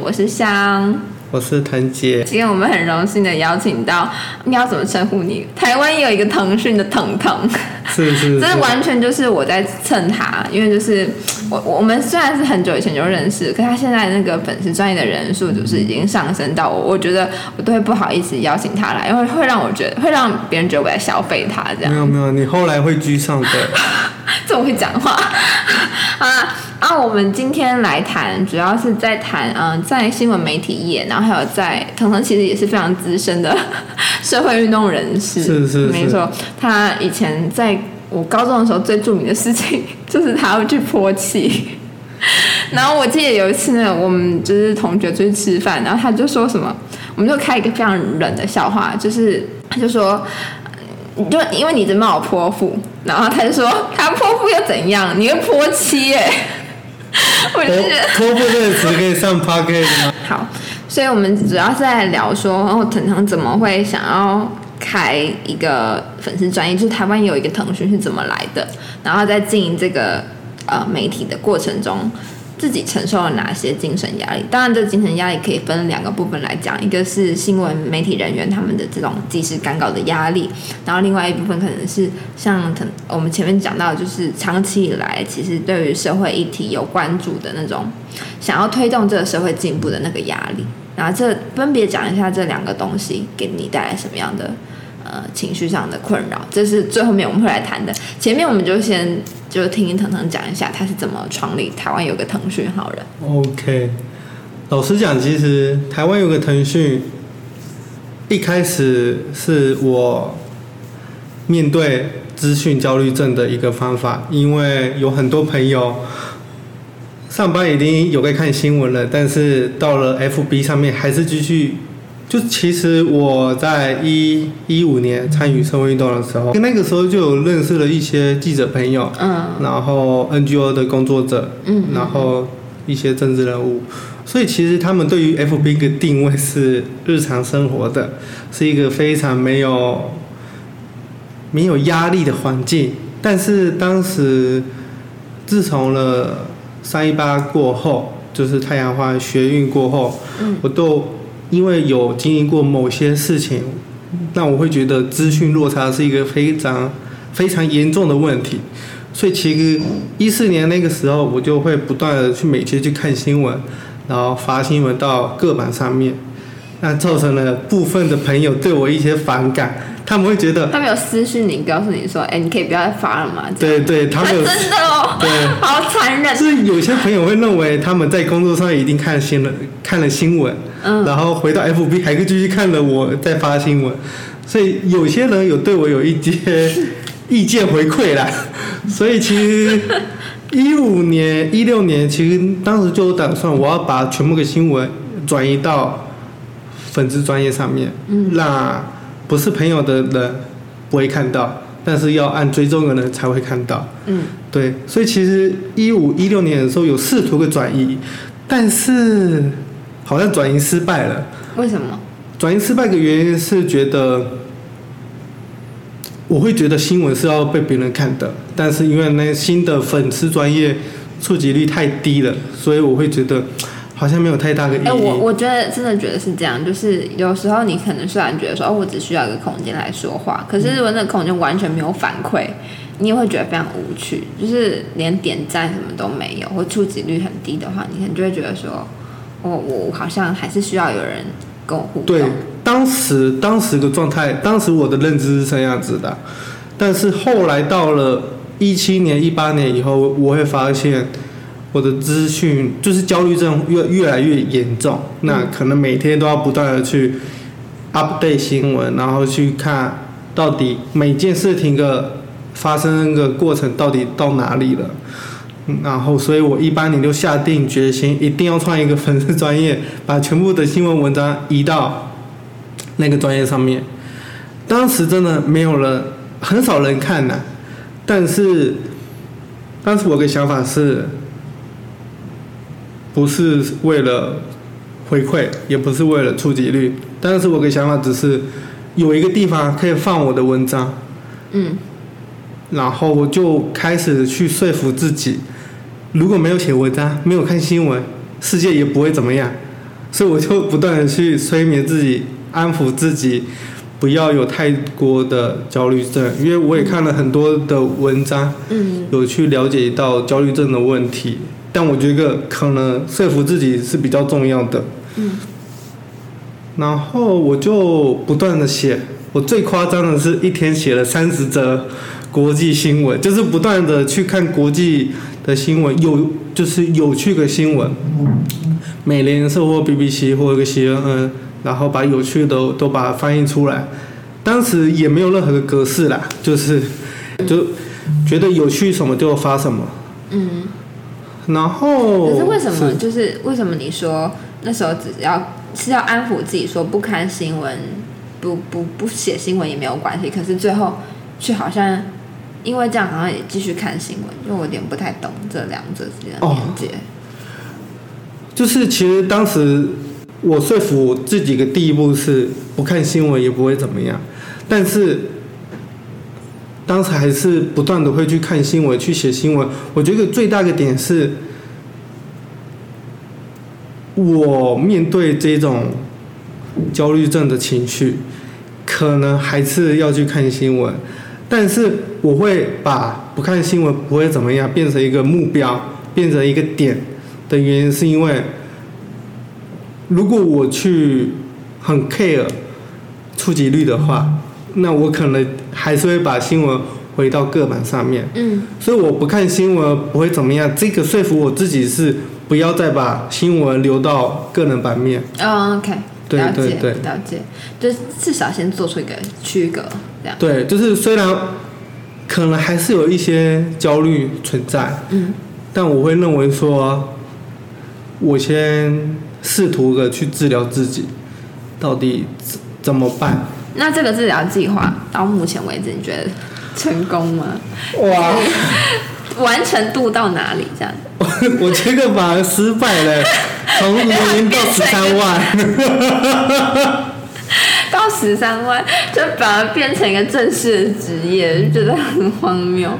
我是香，我是騰傑。今天我們很榮幸的邀請到，你要怎麼稱呼你？台灣也有一個騰訊的騰騰，是是，這是完全就是我在蹭他，因為就是我我們雖然是很久以前就認識，可他現在那個粉絲專頁的人數就是已經上升到我，我覺得我都會不好意思邀請他來，因為會讓我覺得會讓別人覺得我在消費他，這樣沒有沒有，你後來會居上的。 這麼會講話啊！啊！我們今天來談，主要是在談，嗯、呃，在新聞媒體業，然後還有在騰騰其實也是非常資深的社會運動人士，是是，是沒錯。他以前在我高中的時候最著名的事情就是他會去潑漆，然後我記得有一次呢，我們就是同學出去吃飯，然後他就說什麼，我們就開一個非常冷的笑話，就是他就說。你就因為你直罵我潑婦，然後他就說他潑婦又怎樣？你又潑妻哎！ 我是潑婦這個詞可以上 podcast 嗎？ 好，所以我們主要是在聊說哦，騰騰怎麼會想要開一個粉絲專頁？就是台灣有一個騰訊是怎麼來的？然後在經營這個呃媒體的過程中，自己承受了哪些精神壓力？當然，這精神壓力可以分兩個部分來講，一個是新聞媒體人員他們的這種即時趕稿的壓力，然後另外一部分可能是像我們前面講到，就是長期以來其實對於社會議題有關注的那種，想要推動這個社會進步的那個壓力。然後，這分別講一下這兩個東西給你帶來什麼樣的？呃，情緒上的困擾，這是最後面我們會來談的。前面我們就先就聽一騰騰講一下，他是怎麼創立台灣有個騰訊好人。OK，老實講，其實台灣有個騰訊，一開始是我面對資訊焦慮症的一個方法，因為有很多朋友上班已經有在看新聞了，但是到了 FB 上面還是繼續。就其實我在一一五年參與社會運動的時候，那個時候就有認識了一些記者朋友，嗯，uh. 然後 NGO 的工作者，嗯、uh，huh. 然後一些政治人物，所以其實他們對於 FB 的定位是日常生活的，是一個非常沒有沒有壓力的環境。但是當時自從了三一八過後，就是太陽花學運過後，uh huh. 我都。因為有經歷過某些事情，那我會覺得資訊落差是一個非常非常嚴重的問題。所以，其實一四年那個時候，我就會不斷的去每天去看新聞，然後發新聞到各版上面，那造成了部分的朋友對我一些反感，他們會覺得他們有私訊你，告訴你說：“哎，你可以不要再發了嘛。”對對，他們有，真的哦，對，好殘忍。是有些朋友會認為他們在工作上已經看新聞，看了新聞。嗯，然後回到 FB 還可以繼續看到我在發新聞，所以有些人有對我有一些意見回饋了。所以其實一五年、一六年，其實當時就打算我要把全部的新聞轉移到粉絲專頁上面，那不是朋友的人不會看到，但是要按追蹤的人才會看到。嗯，對，所以其實一五、一六年的時候有試圖個轉移，但是。好像轉移失敗了，為什麼？轉移失敗的原因是覺得，我會覺得新聞是要被別人看的，但是因為那新的粉絲專業觸及率太低了，所以我會覺得好像沒有太大的意義。欸、我我覺得真的覺得是這樣，就是有時候你可能雖然覺得說哦，我只需要一個空間來說話，可是如果那個空間完全沒有反饋，嗯、你也會覺得非常無趣，就是連點讚什麼都沒有，或觸及率很低的話，你可能就會覺得說。我、oh, 我好像還是需要有人跟我互動。對，當時當時的狀態，當時我的認知是這樣子的，但是後來到了一七年、一八年以後，我會發現我的資訊就是焦慮症越越來越嚴重，嗯、那可能每天都要不斷的去 update 新聞，然後去看到底每件事情的發生的過程到底到哪裡了。然後，所以我一八年就下定決心，一定要創一個粉絲專頁，把全部的新聞文章移到那個專頁上面。當時真的沒有人，很少人看吶、啊。但是，當時我的想法是，不是為了回饋，也不是為了觸及率，但是我的想法只是有一個地方可以放我的文章。嗯。然後我就開始去說服自己。如果沒有寫文章，沒有看新聞，世界也不會怎麼樣。所以我就不斷的去催眠自己，安撫自己，不要有太多的焦慮症。因為我也看了很多的文章，嗯，有去了解到焦慮症的問題。但我覺得可能說服自己是比較重要的，嗯。然後我就不斷的寫，我最誇張的是一天寫了三十則國際新聞，就是不斷的去看國際的新聞有就是有趣的新聞，美聯社或 BBC 或一個 CNN，然後把有趣的都都把它翻譯出來。當時也沒有任何的格式啦，就是、嗯、就覺得有趣什麼就發什麼。嗯，然後可是為什麼是就是為什麼你說那時候只要是要安撫自己說不看新聞不不不寫新聞也沒有關係，可是最後卻好像。因為這樣好像也繼續看新聞，因為我有點不太懂這兩者之間的連接。Oh, 就是其實當時我說服自己的第一步是不看新聞也不會怎麼樣，但是當時還是不斷的會去看新聞，去寫新聞。我覺得最大的點是，我面對這種焦慮症的情緒，可能還是要去看新聞。但是我會把不看新聞不會怎麼樣變成一個目標，變成一個點的原因，是因為如果我去很 care 觸及率的話，那我可能還是會把新聞回到個版上面。嗯。所以我不看新聞不會怎麼樣，這個說服我自己是不要再把新聞留到個人版面。哦，OK，對，了解，對對對，了解，就至少先做出一個區隔。去一個對，就是雖然可能還是有一些焦慮存在，嗯、但我會認為說，我先試圖的去治療自己，到底怎、怎麼辦？那這個治療計劃、嗯、到目前為止，你覺得成功嗎？哇，完成度到哪裡這樣？ 我這個反而失敗了，從年 到十三萬。 到十三萬，就反而變成一個正式的職業，就覺得很荒謬。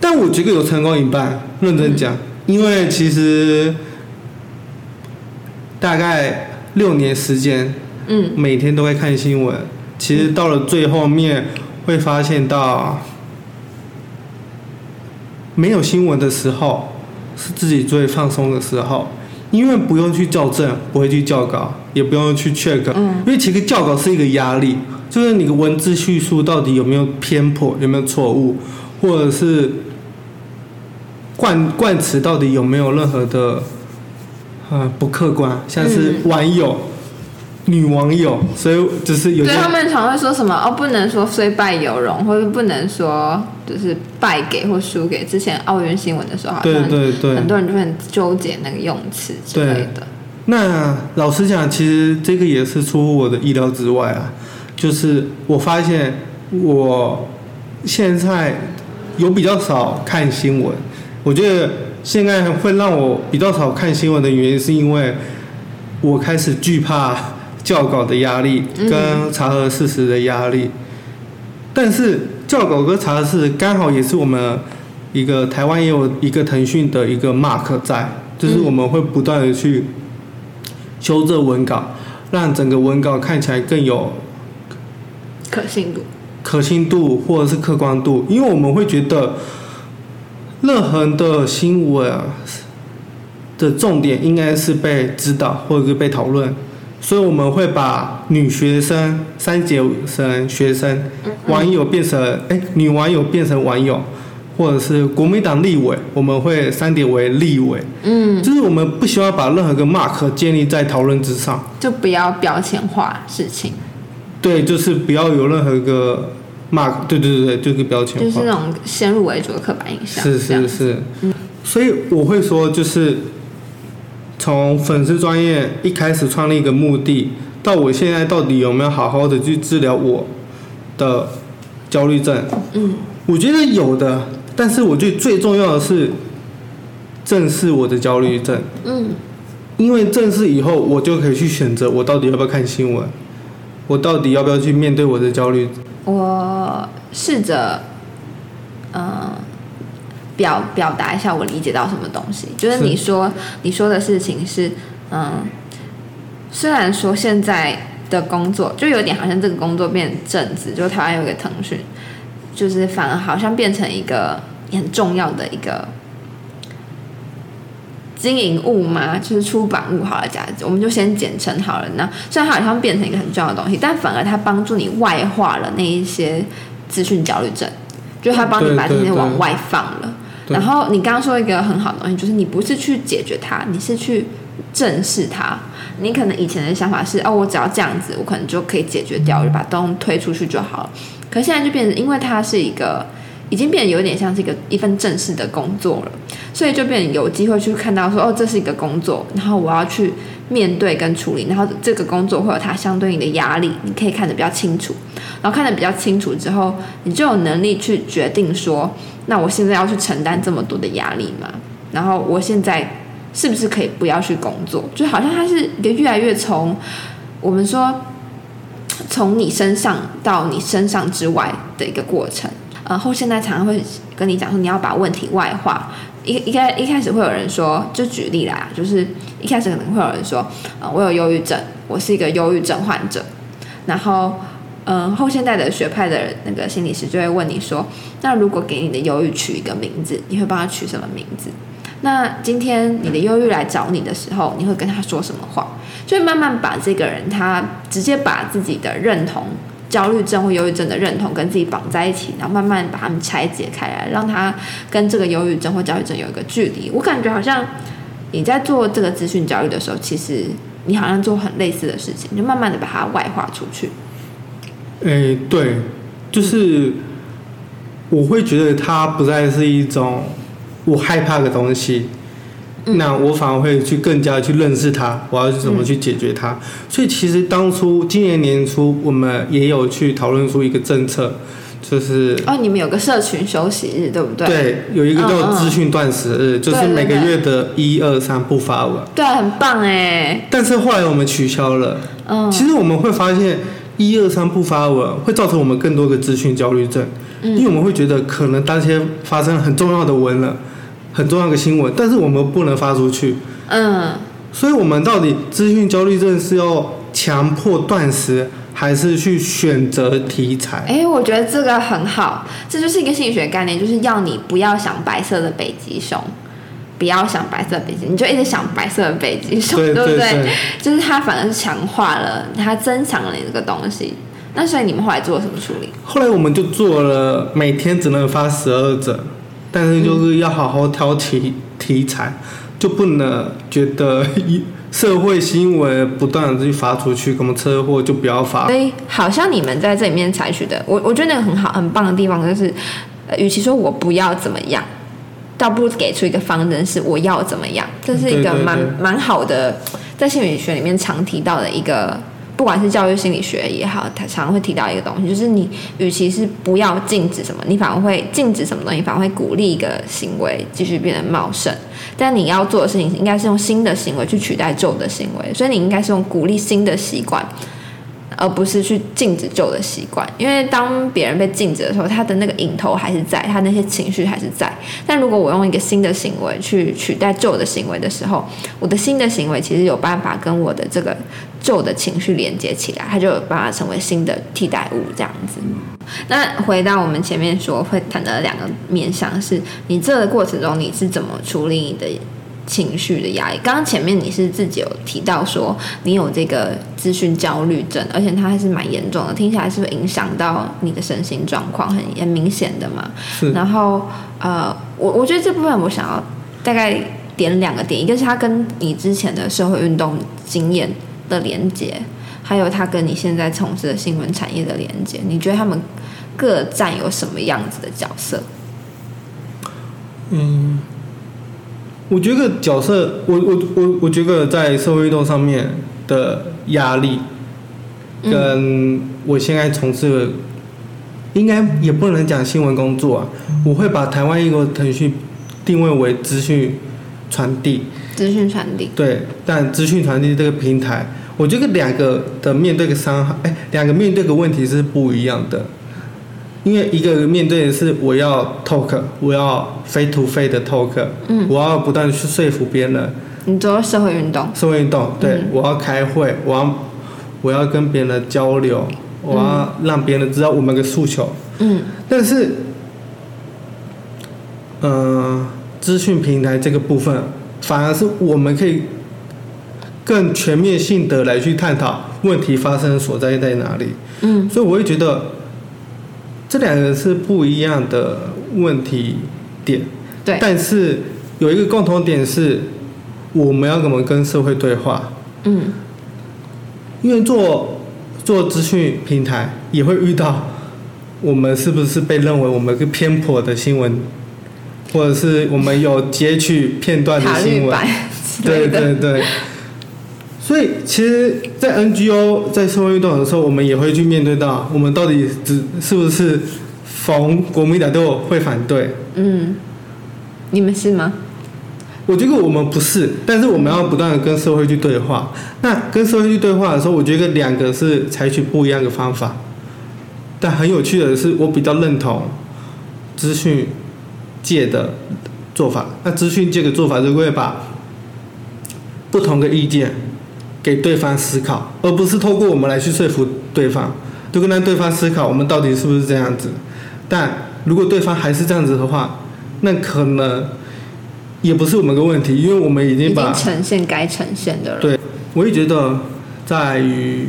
但我覺得有成功一半，認真講，嗯、因為其實大概六年時間，嗯，每天都會看新聞。其實到了最後面，會發現到沒有新聞的時候，是自己最放鬆的時候。因為不用去校正，不會去校稿，也不用去 check、嗯、因為其實校稿是一個壓力，就是你的文字敘述到底有沒有偏頗，有沒有錯誤，或者是冠冠詞到底有沒有任何的、呃，不客觀，像是網友、嗯、女網友，所以只是有，有。對，他們常會說什麼哦，不能說雖敗猶榮，或者不能說。就是敗給或輸給之前奧運新聞的時候，對對對，很多人就很糾結那個用詞之類的。那老實講，其實這個也是出乎我的意料之外啊。就是我發現我現在有比較少看新聞。我覺得現在會讓我比較少看新聞的原因，是因為我開始懼怕校稿的壓力跟查核事實的壓力，嗯、但是。狗哥查的是剛好也是我們一個台灣也有一個騰訊的一個 Mark 在，就是我們會不斷的去修正文稿，讓整個文稿看起來更有可信度、可信度或者是客觀度，因為我們會覺得任何的新聞的重點應該是被知道或者是被討論。所以我們會把女學生刪減成學生，網友、嗯嗯、變成哎女網友變成網友，或者是國民黨立委，我們會刪減為立委。嗯，就是我們不希望把任何一個 mark 建立在討論之上，就不要標籤化事情。對，就是不要有任何一個 mark，對對對對，就是標籤化，就是那種先入為主的刻板印象。是是是，嗯、所以我會說就是。從粉絲專頁一開始創立一個目的，到我現在到底有沒有好好的去治療我的焦慮症？嗯，我覺得有的，但是我覺得最重要的是正視我的焦慮症。嗯，因為正視以後，我就可以去選擇我到底要不要看新聞，我到底要不要去面對我的焦慮。我試着。表表達一下我理解到什麼東西，就是你說是你說的事情是，嗯，雖然說現在的工作就有點好像這個工作變正職，就台灣有一個騰訊，就是反而好像變成一個很重要的一個經營物嘛，就是出版物好了，假我們就先簡稱好了。那雖然它好像變成一個很重要的東西，但反而它幫助你外化了那一些資訊焦慮症，就它幫你把這些往外放了。對對對然後你剛剛說一個很好的東西，就是你不是去解決它，你是去正視它。你可能以前的想法是，哦，我只要這樣子，我可能就可以解決掉，就把東西推出去就好了。可現在就變成，因為它是一個，已經變得有點像這一個一份正式的工作了，所以就變得有機會去看到說，哦，這是一個工作，然後我要去。面對跟處理，然後這個工作會有它相對應的壓力，你可以看得比較清楚，然後看得比較清楚之後，你就有能力去決定說，那我現在要去承擔這麼多的壓力嗎？然後我現在是不是可以不要去工作？就好像它是一個越來越從我們說從你身上到你身上之外的一個過程，然後現在常常會跟你講說，你要把問題外化。一一開一開始會有人說，就舉例啦，就是一開始可能會有人說，嗯，我有憂鬱症，我是一個憂鬱症患者。然後，嗯，後現代的學派的那個心理師就會問你說，那如果給你的憂鬱取一個名字，你會幫他取什麼名字？那今天你的憂鬱來找你的時候，你會跟他說什麼話？就會慢慢把這個人，他直接把自己的認同，焦慮症或憂鬱症的認同跟自己綁在一起，然後慢慢把他們拆解開來，讓它跟這個憂鬱症或焦慮症有一個距離。我感覺好像你在做這個資訊焦慮的時候，其實你好像做很類似的事情，你就慢慢的把它外化出去。誒、欸，對，就是我會覺得它不再是一種我害怕的東西。那我反而會去更加去認識它，我要怎麼去解決它？嗯、所以其實當初今年年初我們也有去討論出一個政策，就是哦，你們有個社群休息日，對不對？對，有一個叫資訊斷食日，嗯嗯，就是每個月的一二三不發文。對，很棒誒。但是後來我們取消了。嗯。其實我們會發現，一二三不發文會造成我們更多的資訊焦慮症，嗯、因為我們會覺得可能當天發生很重要的文了。很重要的新聞，但是我們不能發出去。嗯，所以，我們到底資訊焦慮症是要強迫斷食，還是去選擇題材？哎、欸，我覺得這個很好，這就是一個心理學概念，就是要你不要想白色的北極熊，不要想白色北極，你就一直想白色的北極熊，對,對不對？對對就是它反而是強化了，它增強了你這個東西。那所以你們後來做了什麼處理？後來我們就做了每天只能發十二則。但是就是要好好挑題、嗯、題材，就不能覺得社會新聞不斷的去發出去，什麼車禍就不要發。對，好像你們在這裡面採取的，我我覺得那個很好、很棒的地方就是，呃、與其說我不要怎麼樣，倒不如給出一個方針是我要怎麼樣，這是一個蠻蠻好的，在心理學裡面常提到的一個。不管是教育心理學也好，他常常會提到一個東西，就是你與其是不要禁止什麼，你反而會禁止什麼東西，反而會鼓勵一個行為繼續變得茂盛。但你要做的事情應該是用新的行為去取代舊的行為，所以你應該是用鼓勵新的習慣，而不是去禁止舊的習慣。因為當別人被禁止的時候，他的那個癮頭還是在，他的那些情緒還是在。但如果我用一個新的行為去取代舊的行為的時候，我的新的行為其實有辦法跟我的這個。舊的情緒連接起來，它就有辦法成為新的替代物，這樣子。嗯、那回到我們前面說會談到兩個面向，是你這個過程中你是怎麼處理你的情緒的壓力？剛剛前面你是自己有提到說你有這個資訊焦慮症，而且它還是蠻嚴重的，聽起來是不是影響到你的身心狀況很很明顯的嘛？是然後呃，我我覺得這部分我想要大概點兩個點，一個是它跟你之前的社會運動經驗。的連接，還有他跟你現在從事的新聞產業的連接，你覺得他們各占有什麼樣子的角色？嗯，我覺得角色，我我我我覺得在社會動上面的壓力，嗯、跟我現在從事的，應該也不能講新聞工作啊，嗯、我會把台灣一個騰訊定位為資訊傳遞。資訊傳遞對，但資訊傳遞這個平台，我覺得兩個的面對的傷害，哎、欸，兩個面對的問題是不一樣的，因為一個面對的是我要 talk，我要 face to face 的 talk，嗯，我要不斷的去說服別人。你做社會運動。社會運動，對、嗯、我要開會，我要我要跟別人交流，我要讓別人知道我們的訴求，嗯，但是，呃，資訊平台這個部分。反而是我們可以更全面性的來去探討問題發生所在在哪裡。嗯，所以我會覺得這兩個是不一樣的問題點。對。但是有一個共同點是，我們要怎麼跟社會對話？嗯。因為做做資訊平台也會遇到，我們是不是被認為我們一個偏頗的新聞？或者是我們有截取片段的新聞，對對對。所以，其實，在 NGO 在社會運動的時候，我們也會去面對到，我們到底只是不是逢國民黨都會反對？嗯，你們是嗎？我覺得我們不是，但是我們要不斷的跟社會去對話。嗯、那跟社會去對話的時候，我覺得兩個是採取不一樣的方法。但很有趣的是，我比較認同資訊。借的做法，那資訊借的做法就會把不同的意見給對方思考，而不是透過我們來去說服對方，就跟讓對方思考我們到底是不是這樣子。但如果對方還是這樣子的話，那可能也不是我們的問題，因為我們已經把呈現該呈現的了。對，我也覺得在於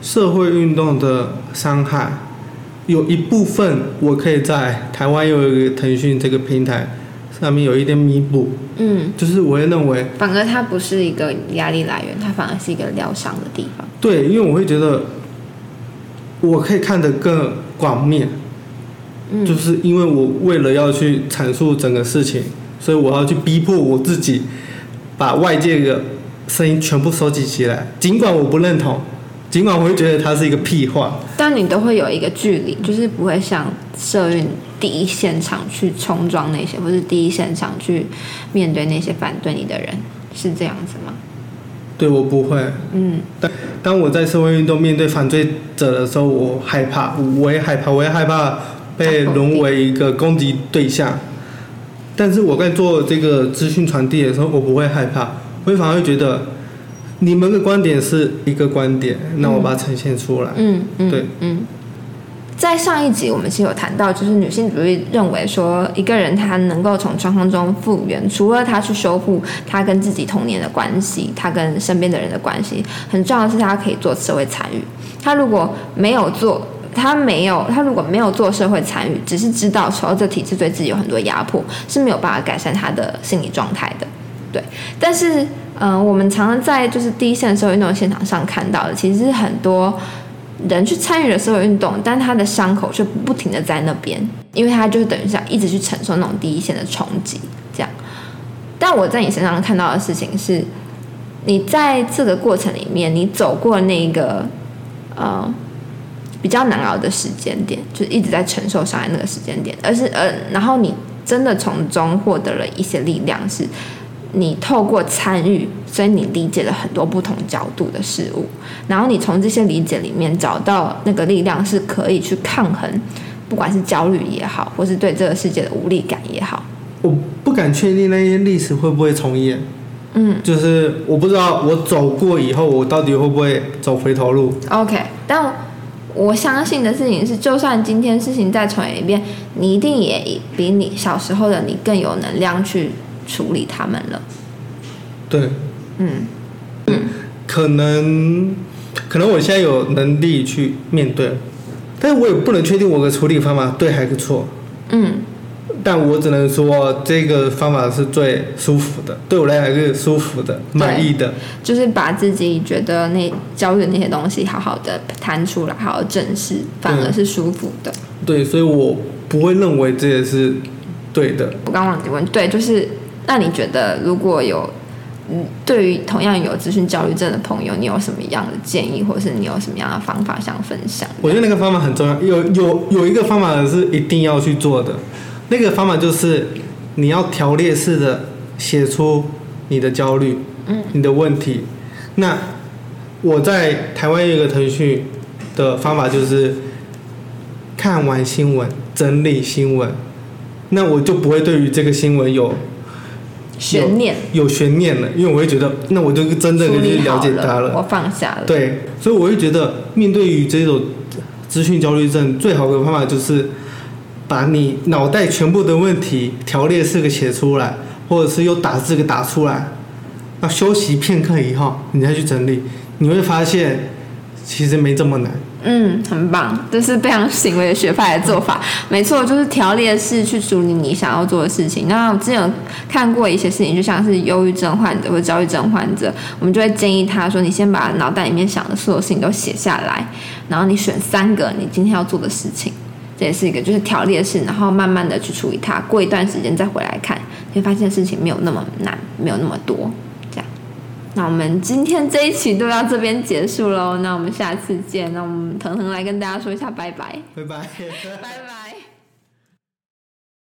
社會運動的傷害。有一部分我可以在台灣也有一個騰訊這個平台上面有一點彌補，嗯，就是我會認為，反而它不是一個壓力來源，它反而是一個療傷的地方。對，因為我會覺得我可以看得更廣面，嗯，就是因為我為了要去闡述整個事情，所以我要去逼迫我自己把外界的聲音全部收集起來，儘管我不認同。儘管我會覺得他是一個屁話，但你都會有一個距離，就是不會像社運第一現場去衝撞那些，或是第一現場去面對那些反對你的人，是這樣子嗎？對我不會，嗯。但當我在社會運動面對反對者的時候，我害怕，我也害怕，我也害怕被淪為一個攻擊對象。但是我在做這個資訊傳遞的時候，我不會害怕，我也反而會覺得。你們的觀點是一個觀點，那我把它呈現出來。嗯嗯，對嗯嗯，嗯，在上一集我們是有談到，就是女性主義認為說，一個人他能夠從創傷中復原，除了他去修復他跟自己童年的關係，他跟身邊的人的關係，很重要的是他可以做社會參與。他如果沒有做，他沒有，他如果沒有做社會參與，只是知道說這體制對自己有很多壓迫，是沒有辦法改善他的心理狀態的。對，但是。嗯，我們常常在就是第一線的社會運動現場上看到的，其實是很多人去參與了社會運動，但他的傷口卻不停地在那邊，因為他就是等於想一直去承受那種第一線的衝擊這樣。但我在你身上看到的事情是，你在這個過程裡面，你走過那個呃、嗯、比較難熬的時間點，就是一直在承受傷害那個時間點，而是呃、嗯，然後你真的從中獲得了一些力量是。你透過參與，所以你理解了很多不同角度的事物，然後你從這些理解裡面找到那個力量，是可以去抗衡，不管是焦慮也好，或是對這個世界的無力感也好。我不敢確定那些歷史會不會重演，嗯，就是我不知道我走過以後，我到底會不會走回頭路。OK，但我相信的事情是，就算今天事情再重演一遍，你一定也比你小時候的你更有能量去。處理他們了，對，嗯嗯，嗯，可能可能我現在有能力去面對，但是我也不能確定我的處理方法對還是錯，嗯，但我只能說這個方法是最舒服的，對我來來說是舒服的、滿意的，就是把自己覺得那焦慮的那些東西好好的談出來，好好正視，反而是舒服的、嗯。對，所以我不會認為這也是對的。我剛忘記問，對，就是。那你覺得如果有，嗯，對於同樣有資訊焦慮症的朋友，你有什麼樣的建議，或是你有什麼樣的方法想分享？我覺得那個方法很重要。有有有一個方法是一定要去做的，那個方法就是你要條列式的寫出你的焦慮，嗯、你的問題。那我在台灣有一個騰訊的方法，就是看完新聞整理新聞，那我就不會對於這個新聞有。懸念，有懸念了。因為我會覺得，那我就真的去了解他了，我放下了。對，所以我就覺得，面對於這種資訊焦慮症，最好的方法就是把你腦袋全部的問題條列式給寫出來，或者是用打字給打出來。那休息片刻以後，你再去整理，你會發現。其實沒這麼難，嗯，很棒，這是非常行為學派的做法， 沒錯，就是條列式去處理你想要做的事情。那我之前有看過一些事情，就像是憂鬱症患者或者焦慮症患者，我們就會建議他說，你先把腦袋裡面想的所有事情都寫下來，然後你選三個你今天要做的事情，這也是一個就是條列式，然後慢慢的去處理它，過一段時間再回來看，你會發現事情沒有那麼難，沒有那麼多。那我們今天這一期都到這邊結束咯，那我們下次見，那我們騰騰來跟大家說一下拜拜，拜拜， 拜拜。